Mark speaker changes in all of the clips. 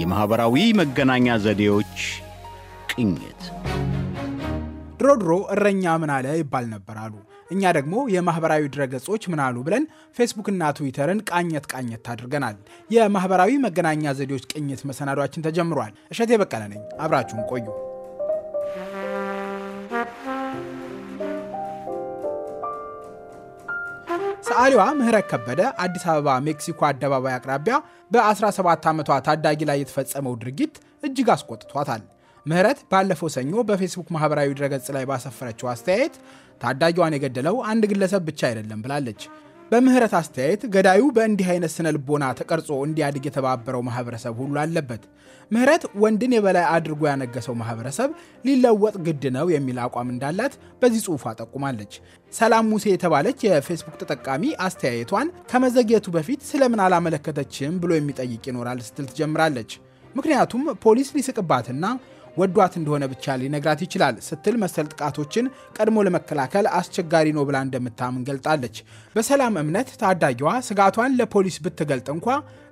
Speaker 1: የማኅበራዊ መገናኛ ዘዴዎች ቅኝት። ድሮ ድሮ እረኛ ምን አለ ይባል ነበር አሉ። እኛ ደግሞ የማኅበራዊ ድረገጾች ምን አሉ ብለን ፌስቡክና ትዊተርን ቃኘት ቃኘት አድርገናል። የማኅበራዊ መገናኛ ዘዴዎች ቅኝት መሰናዷችን ተጀምሯል። እሸቴ በቀለ ነኝ። አብራችሁን ቆዩ። ሰዓሊዋ ምህረት ከበደ አዲስ አበባ ሜክሲኮ አደባባይ አቅራቢያ በ17 ዓመቷ ታዳጊ ላይ የተፈጸመው ድርጊት እጅግ አስቆጥቷታል። ምህረት ባለፈው ሰኞ በፌስቡክ ማህበራዊ ድረገጽ ላይ ባሰፈረችው አስተያየት ታዳጊዋን የገደለው አንድ ግለሰብ ብቻ አይደለም ብላለች። በምህረት አስተያየት ገዳዩ በእንዲህ አይነት ስነ ልቦና ተቀርጾ እንዲያድግ የተባበረው ማህበረሰብ ሁሉ አለበት። ምህረት ወንድን የበላይ አድርጎ ያነገሰው ማህበረሰብ ሊለወጥ ግድ ነው የሚል አቋም እንዳላት በዚህ ጽሑፏ ጠቁማለች። ሰላም ሙሴ የተባለች የፌስቡክ ተጠቃሚ አስተያየቷን ከመዘግየቱ በፊት ስለምን አላመለከተችም ብሎ የሚጠይቅ ይኖራል ስትል ትጀምራለች። ምክንያቱም ፖሊስ ሊስቅባትና ወዷት እንደሆነ ብቻ ሊነግራት ይችላል ስትል መሰል ጥቃቶችን ቀድሞ ለመከላከል አስቸጋሪ ነው ብላ እንደምታምን ገልጣለች። በሰላም እምነት ታዳጊዋ ስጋቷን ለፖሊስ ብትገልጥ እንኳ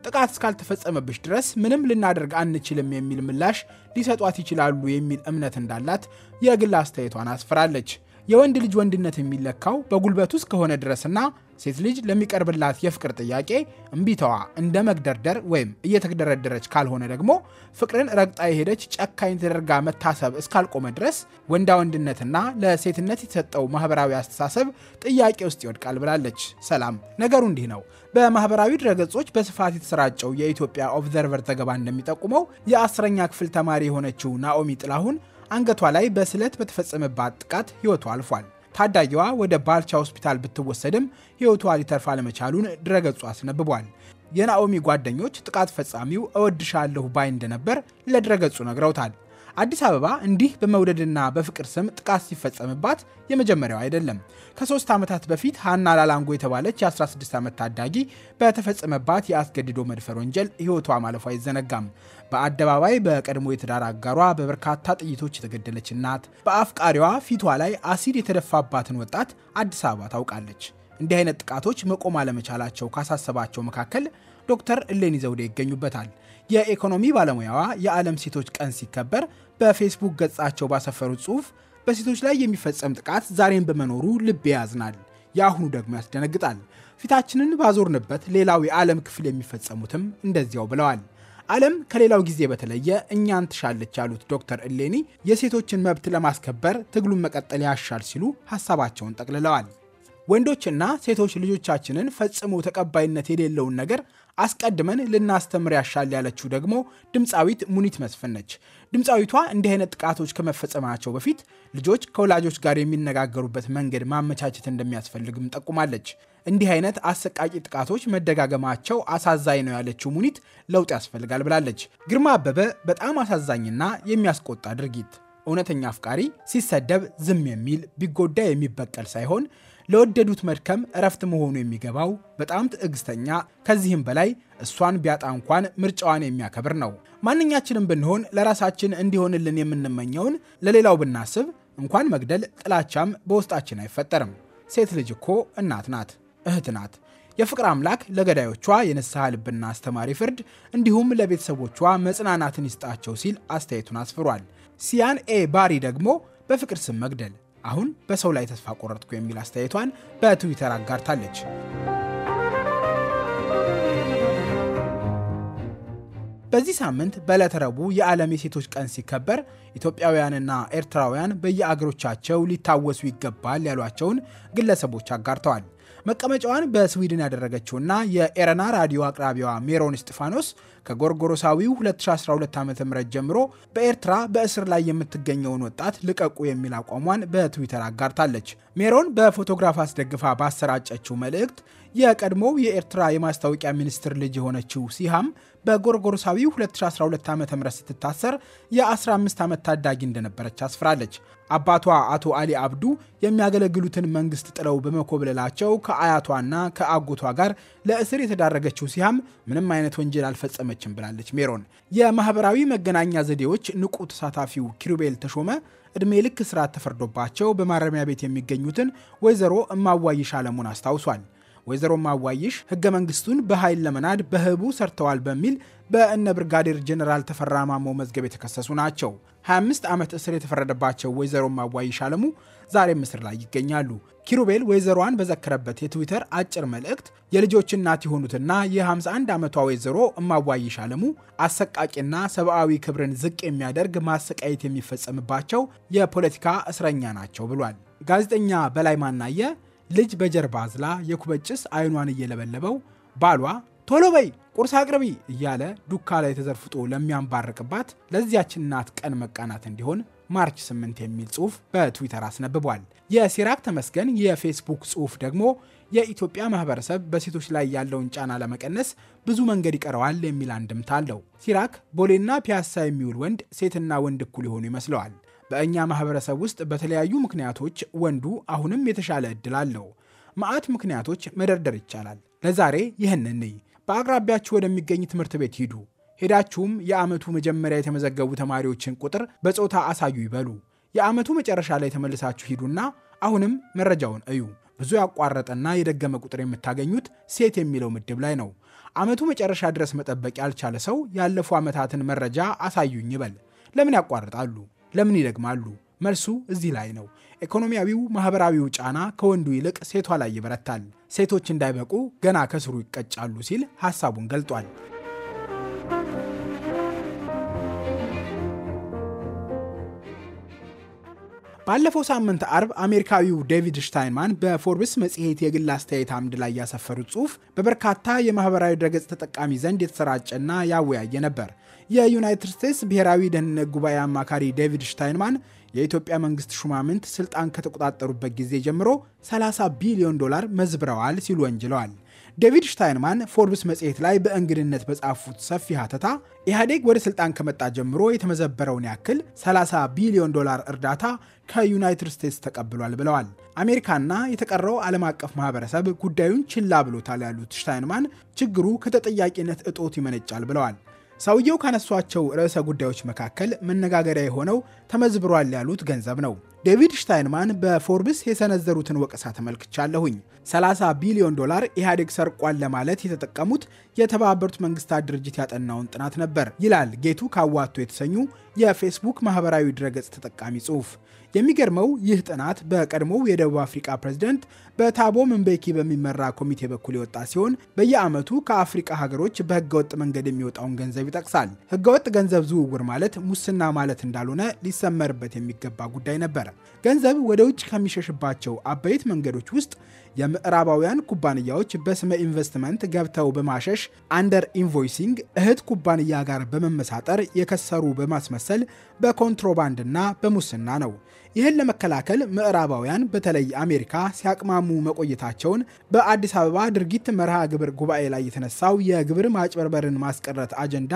Speaker 1: ጥቃት እስካልተፈጸመብሽ ድረስ ምንም ልናደርግ አንችልም የሚል ምላሽ ሊሰጧት ይችላሉ የሚል እምነት እንዳላት የግል አስተያየቷን አስፍራለች። የወንድ ልጅ ወንድነት የሚለካው በጉልበቱ እስከሆነ ድረስና ሴት ልጅ ለሚቀርብላት የፍቅር ጥያቄ እምቢታዋ እንደ መግደርደር ወይም እየተግደረደረች ካልሆነ ደግሞ ፍቅርን ረግጣ የሄደች ጨካኝ ተደርጋ መታሰብ እስካልቆመ ድረስ ወንዳ ወንድነትና ለሴትነት የተሰጠው ማህበራዊ አስተሳሰብ ጥያቄ ውስጥ ይወድቃል ብላለች ሰላም። ነገሩ እንዲህ ነው። በማህበራዊ ድረገጾች በስፋት የተሰራጨው የኢትዮጵያ ኦብዘርቨር ዘገባ እንደሚጠቁመው የአስረኛ ክፍል ተማሪ የሆነችው ናኦሚ ጥላሁን አንገቷ ላይ በስለት በተፈጸመባት ጥቃት ህይወቷ አልፏል። ታዳጊዋ ወደ ባልቻ ሆስፒታል ብትወሰድም ሕይወቷ ሊተርፋ ለመቻሉን ድረገጹ አስነብቧል። የናኦሚ ጓደኞች ጥቃት ፈጻሚው እወድሻለሁ ባይ እንደነበር ለድረገጹ ነግረውታል። አዲስ አበባ እንዲህ በመውደድና በፍቅር ስም ጥቃት ሲፈጸምባት የመጀመሪያው አይደለም። ከሶስት ዓመታት በፊት ሀና ላላንጎ የተባለች የ16 ዓመት ታዳጊ በተፈጸመባት የአስገድዶ መድፈር ወንጀል ሕይወቷ ማለፉ አይዘነጋም። በአደባባይ በቀድሞ የትዳር አጋሯ በበርካታ ጥይቶች የተገደለች እናት፣ በአፍቃሪዋ ፊቷ ላይ አሲድ የተደፋባትን ወጣት አዲስ አበባ ታውቃለች። እንዲህ አይነት ጥቃቶች መቆም አለመቻላቸው ካሳሰባቸው መካከል ዶክተር እሌኒ ዘውዴ ይገኙበታል። የኢኮኖሚ ባለሙያዋ የዓለም ሴቶች ቀን ሲከበር በፌስቡክ ገጻቸው ባሰፈሩት ጽሑፍ በሴቶች ላይ የሚፈጸም ጥቃት ዛሬን በመኖሩ ልብ ያዝናል፣ የአሁኑ ደግሞ ያስደነግጣል። ፊታችንን ባዞርንበት ሌላው የዓለም ክፍል የሚፈጸሙትም እንደዚያው ብለዋል። ዓለም ከሌላው ጊዜ በተለየ እኛን ትሻለች ያሉት ዶክተር እሌኒ የሴቶችን መብት ለማስከበር ትግሉን መቀጠል ያሻል ሲሉ ሀሳባቸውን ጠቅልለዋል። ወንዶችና ሴቶች ልጆቻችንን ፈጽሞ ተቀባይነት የሌለውን ነገር አስቀድመን ልናስተምር ያሻል ያለችው ደግሞ ድምፃዊት ሙኒት መስፍን ነች። ድምፃዊቷ እንዲህ አይነት ጥቃቶች ከመፈጸማቸው በፊት ልጆች ከወላጆች ጋር የሚነጋገሩበት መንገድ ማመቻቸት እንደሚያስፈልግም ጠቁማለች። እንዲህ አይነት አሰቃቂ ጥቃቶች መደጋገማቸው አሳዛኝ ነው ያለችው ሙኒት ለውጥ ያስፈልጋል ብላለች። ግርማ አበበ በጣም አሳዛኝና የሚያስቆጣ ድርጊት፣ እውነተኛ አፍቃሪ ሲሰደብ ዝም የሚል ቢጎዳ የሚበቀል ሳይሆን ለወደዱት መድከም እረፍት መሆኑ የሚገባው በጣም ትዕግስተኛ፣ ከዚህም በላይ እሷን ቢያጣ እንኳን ምርጫዋን የሚያከብር ነው። ማንኛችንም ብንሆን ለራሳችን እንዲሆንልን የምንመኘውን ለሌላው ብናስብ እንኳን መግደል ጥላቻም በውስጣችን አይፈጠርም። ሴት ልጅ እኮ እናት ናት፣ እህት ናት። የፍቅር አምላክ ለገዳዮቿ የንስሐ ልብና አስተማሪ ፍርድ እንዲሁም ለቤተሰቦቿ መጽናናትን ይስጣቸው ሲል አስተያየቱን አስፍሯል። ሲያን ኤ ባሪ ደግሞ በፍቅር ስም መግደል አሁን በሰው ላይ ተስፋ ቆረጥኩ የሚል አስተያየቷን በትዊተር አጋርታለች። በዚህ ሳምንት በዕለተ ረቡዕ የዓለም የሴቶች ቀን ሲከበር ኢትዮጵያውያንና ኤርትራውያን በየአገሮቻቸው ሊታወሱ ይገባል ያሏቸውን ግለሰቦች አጋርተዋል። መቀመጫዋን በስዊድን ያደረገችውና የኤረና ራዲዮ አቅራቢዋ ሜሮን እስጢፋኖስ ከጎርጎሮሳዊው 2012 ዓ ም ጀምሮ በኤርትራ በእስር ላይ የምትገኘውን ወጣት ልቀቁ የሚል አቋሟን በትዊተር አጋርታለች። ሜሮን በፎቶግራፍ አስደግፋ ባሰራጨችው መልእክት የቀድሞው የኤርትራ የማስታወቂያ ሚኒስትር ልጅ የሆነችው ሲሃም በጎርጎሮሳዊው 2012 ዓ ም ስትታሰር የ15 ዓመት ታዳጊ እንደነበረች አስፍራለች። አባቷ አቶ አሊ አብዱ የሚያገለግሉትን መንግስት ጥለው በመኮብለላቸው ከአያቷና ከአጎቷ ጋር ለእስር የተዳረገችው ሲሃም ምንም አይነት ወንጀል አልፈጸመ አልተጠቀመችም ብላለች ሜሮን። የማህበራዊ መገናኛ ዘዴዎች ንቁ ተሳታፊው ኪሩቤል ተሾመ ዕድሜ ልክ እስራት ተፈርዶባቸው በማረሚያ ቤት የሚገኙትን ወይዘሮ እማዋይሽ አለሙን አስታውሷል። ወይዘሮ ማዋይሽ ህገ መንግስቱን በኃይል ለመናድ በህቡ ሰርተዋል በሚል በእነ ብርጋዴር ጀኔራል ተፈራ ማሞ መዝገብ የተከሰሱ ናቸው። 25 ዓመት እስር የተፈረደባቸው ወይዘሮ ማዋይሽ አለሙ ዛሬም እስር ላይ ይገኛሉ። ኪሩቤል ወይዘሮዋን በዘከረበት የትዊተር አጭር መልእክት የልጆች እናት የሆኑትና የ51 ዓመቷ ወይዘሮ እማዋይሽ አለሙ አሰቃቂና ሰብአዊ ክብርን ዝቅ የሚያደርግ ማሰቃየት የሚፈጸምባቸው የፖለቲካ እስረኛ ናቸው ብሏል። ጋዜጠኛ በላይ ማናየ ልጅ በጀርባ አዝላ የኩበጭስ አይኗን እየለበለበው ባሏ ቶሎ በይ ቁርስ አቅርቢ እያለ ዱካ ላይ ተዘርፍጦ ለሚያንባርቅባት ለዚያች እናት ቀን መቃናት እንዲሆን ማርች 8 የሚል ጽሑፍ በትዊተር አስነብቧል። የሲራክ ተመስገን የፌስቡክ ጽሑፍ ደግሞ የኢትዮጵያ ማህበረሰብ በሴቶች ላይ ያለውን ጫና ለመቀነስ ብዙ መንገድ ይቀረዋል የሚል አንድምታ አለው። ሲራክ ቦሌና ፒያሳ የሚውል ወንድ ሴትና ወንድ እኩል የሆኑ ይመስለዋል። በእኛ ማህበረሰብ ውስጥ በተለያዩ ምክንያቶች ወንዱ አሁንም የተሻለ እድል አለው። ማአት ምክንያቶች መደርደር ይቻላል። ለዛሬ ይህን እንይ። በአቅራቢያችሁ ወደሚገኝ ትምህርት ቤት ሂዱ። ሄዳችሁም የዓመቱ መጀመሪያ የተመዘገቡ ተማሪዎችን ቁጥር በጾታ አሳዩ ይበሉ። የዓመቱ መጨረሻ ላይ ተመልሳችሁ ሂዱና አሁንም መረጃውን እዩ። ብዙ ያቋረጠና የደገመ ቁጥር የምታገኙት ሴት የሚለው ምድብ ላይ ነው። ዓመቱ መጨረሻ ድረስ መጠበቅ ያልቻለ ሰው ያለፉ ዓመታትን መረጃ አሳዩኝ ይበል። ለምን ያቋርጣሉ? ለምን ይደግማሉ? መልሱ እዚህ ላይ ነው። ኢኮኖሚያዊው፣ ማህበራዊው ጫና ከወንዱ ይልቅ ሴቷ ላይ ይበረታል። ሴቶች እንዳይበቁ ገና ከስሩ ይቀጫሉ ሲል ሐሳቡን ገልጧል። ባለፈው ሳምንት አርብ አሜሪካዊው ዴቪድ ሽታይንማን በፎርብስ መጽሔት የግል አስተያየት አምድ ላይ ያሰፈሩት ጽሑፍ በበርካታ የማኅበራዊ ድረገጽ ተጠቃሚ ዘንድ የተሰራጨና ያወያየ ነበር። የዩናይትድ ስቴትስ ብሔራዊ ደህንነት ጉባኤ አማካሪ ዴቪድ ሽታይንማን የኢትዮጵያ መንግስት ሹማምንት ስልጣን ከተቆጣጠሩበት ጊዜ ጀምሮ 30 ቢሊዮን ዶላር መዝብረዋል ሲሉ ወንጅለዋል። ዴቪድ ሽታይንማን ፎርብስ መጽሔት ላይ በእንግድነት በጻፉት ሰፊ ሀተታ ኢህአዴግ ወደ ስልጣን ከመጣ ጀምሮ የተመዘበረውን ያክል 30 ቢሊዮን ዶላር እርዳታ ከዩናይትድ ስቴትስ ተቀብሏል ብለዋል። አሜሪካና የተቀረው ዓለም አቀፍ ማህበረሰብ ጉዳዩን ችላ ብሎታል ያሉት ሽታይንማን ችግሩ ከተጠያቂነት እጦት ይመነጫል ብለዋል። ሰውየው ካነሷቸው ርዕሰ ጉዳዮች መካከል መነጋገሪያ የሆነው ተመዝብሯል ያሉት ገንዘብ ነው። ዴቪድ ሽታይንማን በፎርብስ የሰነዘሩትን ወቀሳ ተመልክቻለሁኝ። 30 ቢሊዮን ዶላር ኢህአዴግ ሰርቋል ለማለት የተጠቀሙት የተባበሩት መንግስታት ድርጅት ያጠናውን ጥናት ነበር ይላል ጌቱ ካዋቶ የተሰኙ የፌስቡክ ማህበራዊ ድረገጽ ተጠቃሚ ጽሑፍ። የሚገርመው ይህ ጥናት በቀድሞው የደቡብ አፍሪካ ፕሬዝደንት በታቦ ምንቤኪ በሚመራ ኮሚቴ በኩል የወጣ ሲሆን በየዓመቱ ከአፍሪካ ሀገሮች በህገወጥ መንገድ የሚወጣውን ገንዘብ ይጠቅሳል። ህገወጥ ገንዘብ ዝውውር ማለት ሙስና ማለት እንዳልሆነ ሊሰመርበት የሚገባ ጉዳይ ነበር። ገንዘብ ወደ ውጭ ከሚሸሽባቸው አበይት መንገዶች ውስጥ የምዕራባውያን ኩባንያዎች በስመ ኢንቨስትመንት ገብተው በማሸሽ አንደር ኢንቮይሲንግ እህት ኩባንያ ጋር በመመሳጠር የከሰሩ በማስመሰል በኮንትሮባንድና በሙስና ነው። ይህን ለመከላከል ምዕራባውያን በተለይ አሜሪካ ሲያቅማሙ መቆየታቸውን በአዲስ አበባ ድርጊት መርሃ ግብር ጉባኤ ላይ የተነሳው የግብር ማጭበርበርን ማስቀረት አጀንዳ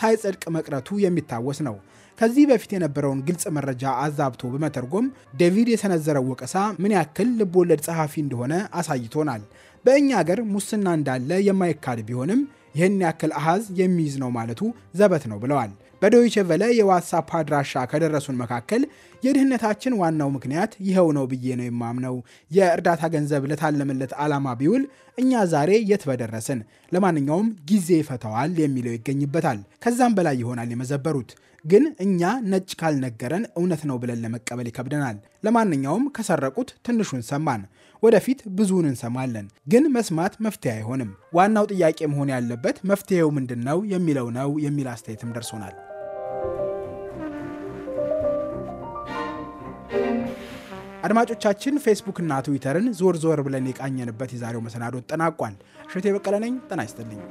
Speaker 1: ሳይጸድቅ መቅረቱ የሚታወስ ነው። ከዚህ በፊት የነበረውን ግልጽ መረጃ አዛብቶ በመተርጎም ዴቪድ የሰነዘረው ወቀሳ ምን ያክል ልብወለድ ጸሐፊ እንደሆነ አሳይቶናል። በእኛ አገር ሙስና እንዳለ የማይካድ ቢሆንም ይህን ያክል አሃዝ የሚይዝ ነው ማለቱ ዘበት ነው ብለዋል። በዶይቼ ቬለ የዋትሳፕ አድራሻ ከደረሱን መካከል የድህነታችን ዋናው ምክንያት ይኸው ነው ብዬ ነው የማምነው። የእርዳታ ገንዘብ ለታለመለት ዓላማ ቢውል እኛ ዛሬ የት በደረስን። ለማንኛውም ጊዜ ይፈታዋል የሚለው ይገኝበታል። ከዛም በላይ ይሆናል የመዘበሩት። ግን እኛ ነጭ ካልነገረን እውነት ነው ብለን ለመቀበል ይከብደናል። ለማንኛውም ከሰረቁት ትንሹን ሰማን፣ ወደፊት ብዙውን እንሰማለን። ግን መስማት መፍትሄ አይሆንም። ዋናው ጥያቄ መሆን ያለበት መፍትሄው ምንድን ነው የሚለው ነው የሚል አስተያየትም ደርሶናል። አድማጮቻችን፣ ፌስቡክና ትዊተርን ዞር ዞር ብለን የቃኘንበት የዛሬው መሰናዶ ተጠናቋል። እሸቴ በቀለ ነኝ። ጤና ይስጥልኝ።